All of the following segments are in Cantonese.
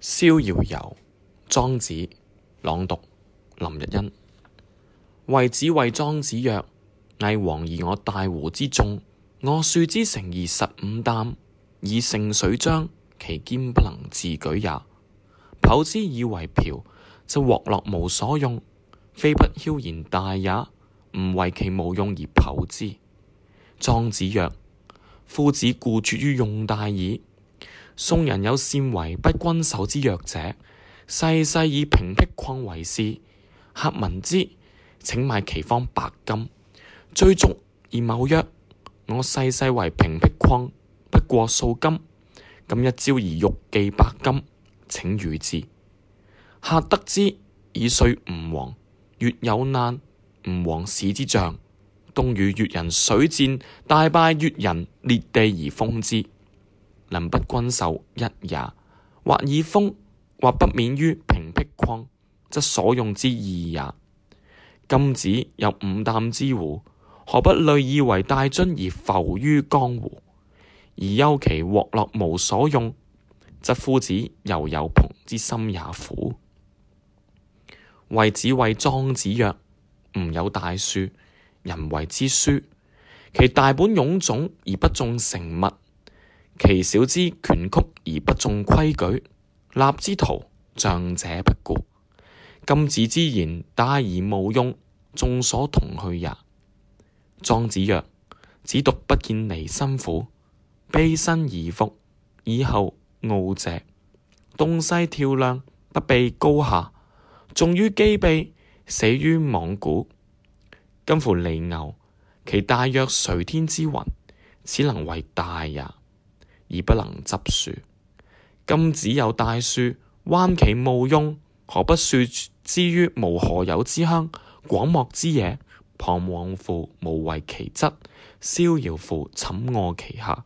逍遙遊，莊子為為莊子朗讀林日欣。惠子謂莊子曰：魏王貽我大瓠之種，我樹之成而實五擔，以盛水漿，其堅不能自舉也。剖之以為瓢，則瓠落無所用，非不囂然大也，吾為其無用而剖之。莊子曰：夫子固拙於用大矣。宋人有善為不均手之藥者，世世以平辟礦為事。客聞之，請買其方百金。追逐而謀曰：我世世為平辟礦，不過數金，今一朝而欲寄百金，請與之。客得之，以稅吳王。越有難，吳王使之將，冬與越人水戰，大敗越人，裂地而封之。能不君受一也，或以封，或不免於平僻匡，則所用之義也。今子有五擔之壺，何不類以為大樽而浮於江湖，而憂其獲落無所用，則夫子猶有蓬之心也乎？惠子謂莊子曰：吾有大樹，人為之書，其大本臃腫而不中成物。其小之拳曲而不中規矩，立之徒將者不顧，今子之言大而無用，眾所同去也。莊子曰：子獨不見離辛苦，卑身而復以後傲者，東西跳梁不避高下，重於機備死於罔古。今乎離牛其大若垂天之雲，此能為大也。而不能執樹，今子有大樹，彎其無用，何不樹之於無何有之鄉、廣漠之野？彷徨乎無為其側，逍遙乎寢臥其下。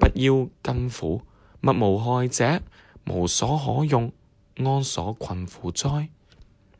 不夭斤斧，物無害者，無所可用，安所困苦哉？